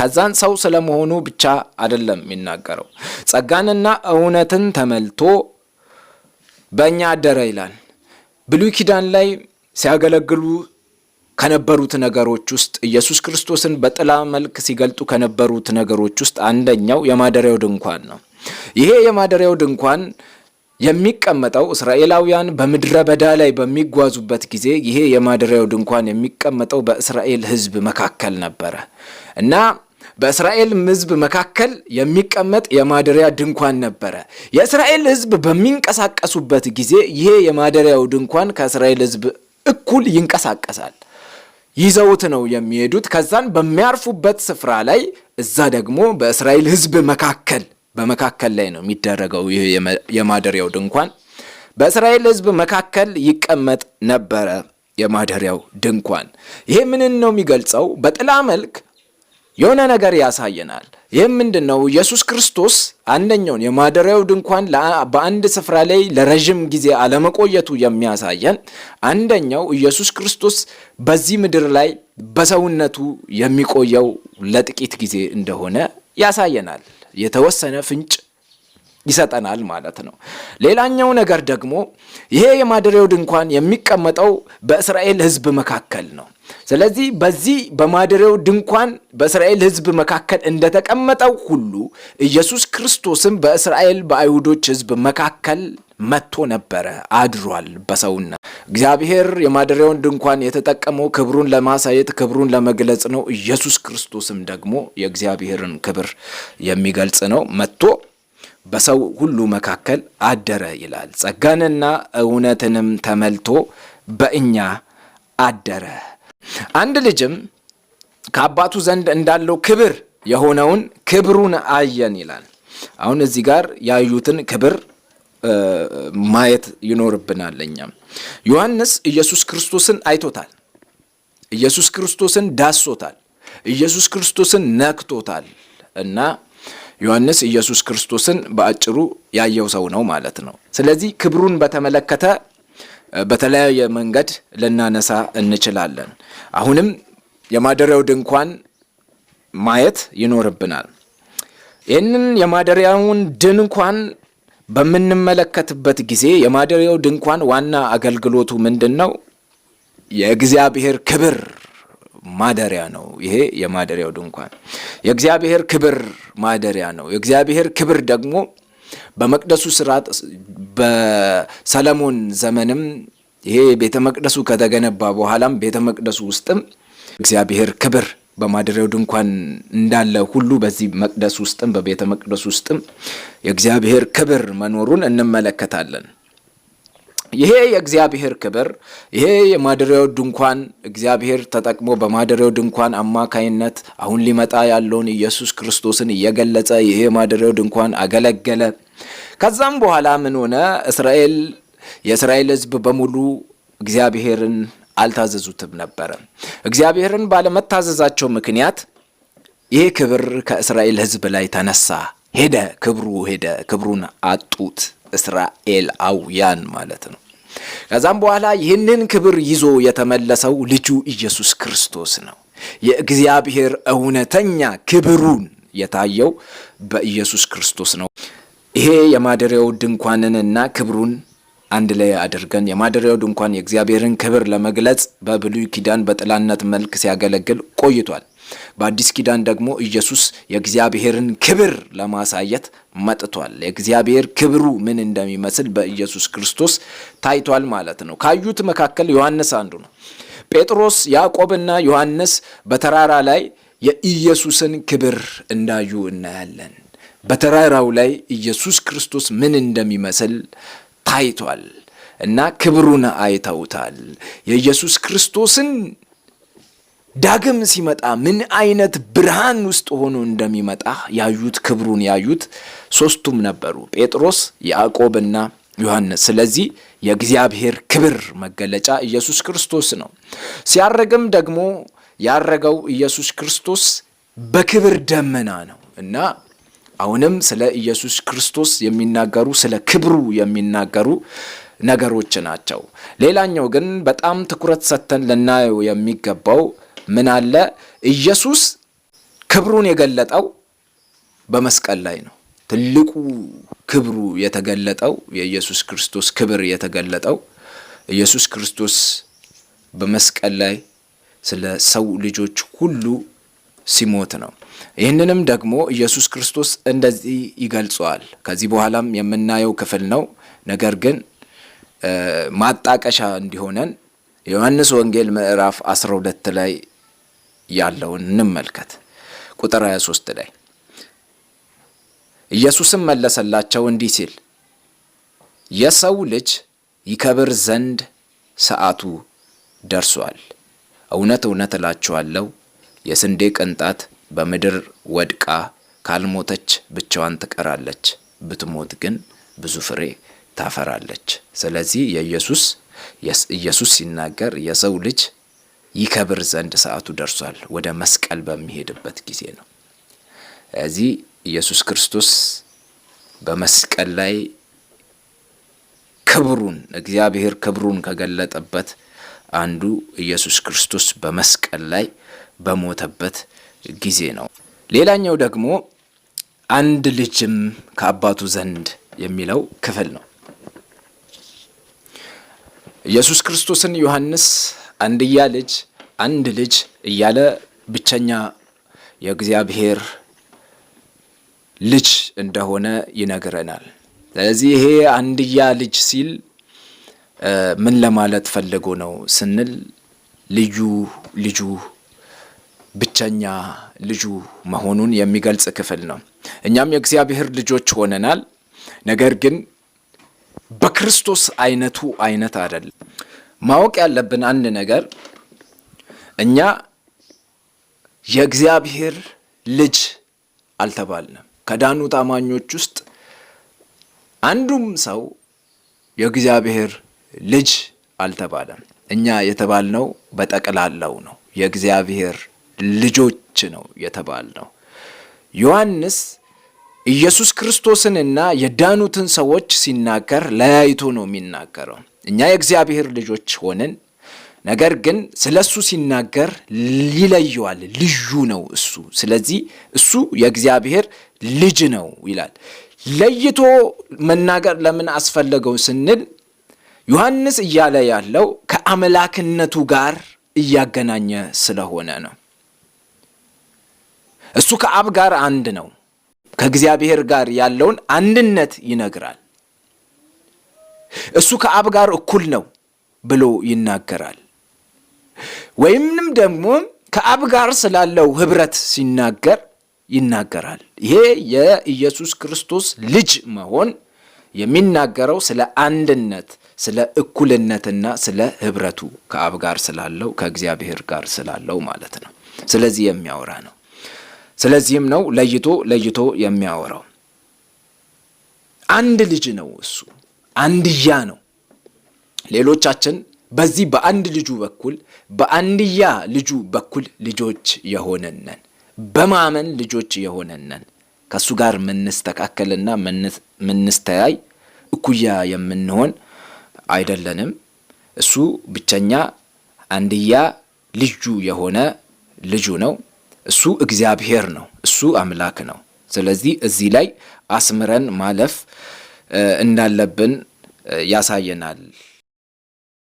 ከዛን ሰው ስለመሆኑ ብቻ አይደለም የሚናገረው። ጸጋንና እውነትን ተመልቶ በእኛ አደረ ይላል። ብሉይ ኪዳን ላይ ሲያገለግሉ ከነበሩት ነገሮች ውስጥ ኢየሱስ ክርስቶስን በጥላ መልክ ሲገልጡ ከነበሩት ነገሮች ውስጥ አንደኛው የማደሪያው ድንኳን ነው። ይሄ የማደሪያው ድንኳን የሚቀመጠው እስራኤላውያን በምድረ በዳ ላይ በሚጓዙበት ጊዜ ይሄ የማደሪያው ድንኳን የሚቀመጠው በእስራኤል ህዝብ መካከል ነበረ እና በእስራኤል ሕዝብ መካከል የሚቀመጥ የማደሪያ ድንኳን ነበረ። የእስራኤል ሕዝብ በሚንቀሳቀሱበት ጊዜ ይሄ የማደሪያው ድንኳን ከእስራኤል ሕዝብ እኩል ይንቀሳቀሳል። ይዘውት ነው የሚሄዱት። ከዛን በሚያርፉበት ስፍራ ላይ እዛ ደግሞ በእስራኤል ሕዝብ መካከል በመካከል ላይ ነው የሚደረገው ይህ የማደሪያው ድንኳን በእስራኤል ሕዝብ መካከል ይቀመጥ ነበረ የማደሪያው ድንኳን። ይሄ ምንን ነው የሚገልጸው? በጥላ መልክ የሆነ ነገር ያሳየናል። ይህም ምንድን ነው? ኢየሱስ ክርስቶስ አንደኛውን የማደሪያው ድንኳን በአንድ ስፍራ ላይ ለረዥም ጊዜ አለመቆየቱ የሚያሳየን አንደኛው ኢየሱስ ክርስቶስ በዚህ ምድር ላይ በሰውነቱ የሚቆየው ለጥቂት ጊዜ እንደሆነ ያሳየናል። የተወሰነ ፍንጭ ይሰጠናል ማለት ነው። ሌላኛው ነገር ደግሞ ይሄ የማደሪያው ድንኳን የሚቀመጠው በእስራኤል ሕዝብ መካከል ነው። ስለዚህ በዚህ በማደሪያው ድንኳን በእስራኤል ሕዝብ መካከል እንደተቀመጠው ሁሉ ኢየሱስ ክርስቶስም በእስራኤል በአይሁዶች ሕዝብ መካከል መጥቶ ነበረ፣ አድሯል በሰውና እግዚአብሔር የማደሪያውን ድንኳን የተጠቀመው ክብሩን ለማሳየት ክብሩን ለመግለጽ ነው። ኢየሱስ ክርስቶስም ደግሞ የእግዚአብሔርን ክብር የሚገልጽ ነው። መጥቶ በሰው ሁሉ መካከል አደረ ይላል። ጸጋንና እውነትንም ተመልቶ በእኛ አደረ አንድ ልጅም ከአባቱ ዘንድ እንዳለው ክብር የሆነውን ክብሩን አየን ይላል። አሁን እዚህ ጋር ያዩትን ክብር ማየት ይኖርብናል። እኛም ዮሐንስ ኢየሱስ ክርስቶስን አይቶታል። ኢየሱስ ክርስቶስን ዳሶታል። ኢየሱስ ክርስቶስን ነክቶታል እና ዮሐንስ ኢየሱስ ክርስቶስን በአጭሩ ያየው ሰው ነው ማለት ነው። ስለዚህ ክብሩን በተመለከተ በተለያየ መንገድ ልናነሳ እንችላለን። አሁንም የማደሪያው ድንኳን ማየት ይኖርብናል። ይህንን የማደሪያውን ድንኳን በምንመለከትበት ጊዜ የማደሪያው ድንኳን ዋና አገልግሎቱ ምንድን ነው? የእግዚአብሔር ክብር ማደሪያ ነው። ይሄ የማደሪያው ድንኳን የእግዚአብሔር ክብር ማደሪያ ነው። የእግዚአብሔር ክብር ደግሞ በመቅደሱ ስርዓት በሰለሞን ዘመንም ይሄ ቤተ መቅደሱ ከተገነባ በኋላም ቤተ መቅደሱ ውስጥም እግዚአብሔር ክብር በማደሪያው ድንኳን እንዳለ ሁሉ በዚህ መቅደስ ውስጥም በቤተ መቅደስ ውስጥም የእግዚአብሔር ክብር መኖሩን እንመለከታለን። ይሄ የእግዚአብሔር ክብር ይሄ የማደሪያው ድንኳን እግዚአብሔር ተጠቅሞ በማደሪያው ድንኳን አማካይነት አሁን ሊመጣ ያለውን ኢየሱስ ክርስቶስን እየገለጸ ይሄ የማደሪያው ድንኳን አገለገለ። ከዛም በኋላ ምን ሆነ? እስራኤል የእስራኤል ሕዝብ በሙሉ እግዚአብሔርን አልታዘዙትም ነበረ። እግዚአብሔርን ባለመታዘዛቸው ምክንያት ይሄ ክብር ከእስራኤል ሕዝብ ላይ ተነሳ፣ ሄደ፣ ክብሩ ሄደ፣ ክብሩን አጡት። እስራኤላውያን ማለት ነው። ከዛም በኋላ ይህንን ክብር ይዞ የተመለሰው ልጁ ኢየሱስ ክርስቶስ ነው። የእግዚአብሔር እውነተኛ ክብሩን የታየው በኢየሱስ ክርስቶስ ነው። ይሄ የማደሪያው ድንኳንንና ክብሩን አንድ ላይ አድርገን የማደሪያው ድንኳን የእግዚአብሔርን ክብር ለመግለጽ በብሉይ ኪዳን በጥላነት መልክ ሲያገለግል ቆይቷል። በአዲስ ኪዳን ደግሞ ኢየሱስ የእግዚአብሔርን ክብር ለማሳየት መጥቷል። የእግዚአብሔር ክብሩ ምን እንደሚመስል በኢየሱስ ክርስቶስ ታይቷል ማለት ነው። ካዩት መካከል ዮሐንስ አንዱ ነው። ጴጥሮስ፣ ያዕቆብና ዮሐንስ በተራራ ላይ የኢየሱስን ክብር እንዳዩ እናያለን። በተራራው ላይ ኢየሱስ ክርስቶስ ምን እንደሚመስል ታይቷል እና ክብሩን አይተውታል። የኢየሱስ ክርስቶስን ዳግም ሲመጣ ምን አይነት ብርሃን ውስጥ ሆኖ እንደሚመጣ ያዩት ክብሩን ያዩት ሶስቱም ነበሩ፣ ጴጥሮስ ያዕቆብና ዮሐንስ። ስለዚህ የእግዚአብሔር ክብር መገለጫ ኢየሱስ ክርስቶስ ነው። ሲያረግም ደግሞ ያረገው ኢየሱስ ክርስቶስ በክብር ደመና ነው እና አሁንም ስለ ኢየሱስ ክርስቶስ የሚናገሩ ስለ ክብሩ የሚናገሩ ነገሮች ናቸው። ሌላኛው ግን በጣም ትኩረት ሰጥተን ልናየው የሚገባው ምን አለ ኢየሱስ ክብሩን የገለጠው በመስቀል ላይ ነው። ትልቁ ክብሩ የተገለጠው የኢየሱስ ክርስቶስ ክብር የተገለጠው ኢየሱስ ክርስቶስ በመስቀል ላይ ስለ ሰው ልጆች ሁሉ ሲሞት ነው። ይህንንም ደግሞ ኢየሱስ ክርስቶስ እንደዚህ ይገልጸዋል። ከዚህ በኋላም የምናየው ክፍል ነው። ነገር ግን ማጣቀሻ እንዲሆነን ዮሐንስ ወንጌል ምዕራፍ 12 ላይ ያለውን እንመልከት። ቁጥር 23 ላይ ኢየሱስም መለሰላቸው እንዲህ ሲል የሰው ልጅ ይከብር ዘንድ ሰዓቱ ደርሷል። እውነት እውነት እላችኋለሁ የስንዴ ቅንጣት በምድር ወድቃ ካልሞተች ብቻዋን ትቀራለች፣ ብትሞት ግን ብዙ ፍሬ ታፈራለች። ስለዚህ የኢየሱስ ኢየሱስ ሲናገር የሰው ልጅ ይከብር ዘንድ ሰዓቱ ደርሷል። ወደ መስቀል በሚሄድበት ጊዜ ነው። እዚህ ኢየሱስ ክርስቶስ በመስቀል ላይ ክብሩን እግዚአብሔር ክብሩን ከገለጠበት አንዱ ኢየሱስ ክርስቶስ በመስቀል ላይ በሞተበት ጊዜ ነው። ሌላኛው ደግሞ አንድ ልጅም ከአባቱ ዘንድ የሚለው ክፍል ነው። ኢየሱስ ክርስቶስን ዮሐንስ አንድያ ልጅ አንድ ልጅ እያለ ብቸኛ የእግዚአብሔር ልጅ እንደሆነ ይነግረናል። ስለዚህ ይሄ አንድያ ልጅ ሲል ምን ለማለት ፈልጎ ነው ስንል ልዩ ልጁ ብቸኛ ልጁ መሆኑን የሚገልጽ ክፍል ነው። እኛም የእግዚአብሔር ልጆች ሆነናል። ነገር ግን በክርስቶስ አይነቱ አይነት አይደለም። ማወቅ ያለብን አንድ ነገር እኛ የእግዚአብሔር ልጅ አልተባልንም። ከዳኑ ታማኞች ውስጥ አንዱም ሰው የእግዚአብሔር ልጅ አልተባለም። እኛ የተባልነው በጠቅላላው ነው። የእግዚአብሔር ልጆች ነው የተባልነው። ዮሐንስ ኢየሱስ ክርስቶስንና የዳኑትን ሰዎች ሲናገር ለያይቶ ነው የሚናገረው። እኛ የእግዚአብሔር ልጆች ሆንን። ነገር ግን ስለ እሱ ሲናገር ይለየዋል። ልዩ ነው እሱ። ስለዚህ እሱ የእግዚአብሔር ልጅ ነው ይላል። ለይቶ መናገር ለምን አስፈለገው ስንል ዮሐንስ እያለ ያለው ከአምላክነቱ ጋር እያገናኘ ስለሆነ ነው። እሱ ከአብ ጋር አንድ ነው። ከእግዚአብሔር ጋር ያለውን አንድነት ይነግራል። እሱ ከአብ ጋር እኩል ነው ብሎ ይናገራል። ወይምንም ደግሞ ከአብ ጋር ስላለው ህብረት ሲናገር ይናገራል። ይሄ የኢየሱስ ክርስቶስ ልጅ መሆን የሚናገረው ስለ አንድነት፣ ስለ እኩልነትና ስለ ህብረቱ ከአብ ጋር ስላለው ከእግዚአብሔር ጋር ስላለው ማለት ነው። ስለዚህ የሚያወራ ነው። ስለዚህም ነው ለይቶ ለይቶ የሚያወራው አንድ ልጅ ነው እሱ አንድያ ነው። ሌሎቻችን በዚህ በአንድ ልጁ በኩል በአንድያ ልጁ በኩል ልጆች የሆነነን በማመን ልጆች የሆነነን ከእሱ ጋር ምንስተካከልና ምንስተያይ እኩያ የምንሆን አይደለንም። እሱ ብቸኛ አንድያ ልጁ የሆነ ልጁ ነው። እሱ እግዚአብሔር ነው። እሱ አምላክ ነው። ስለዚህ እዚህ ላይ አስምረን ማለፍ እንዳለብን ያሳየናል።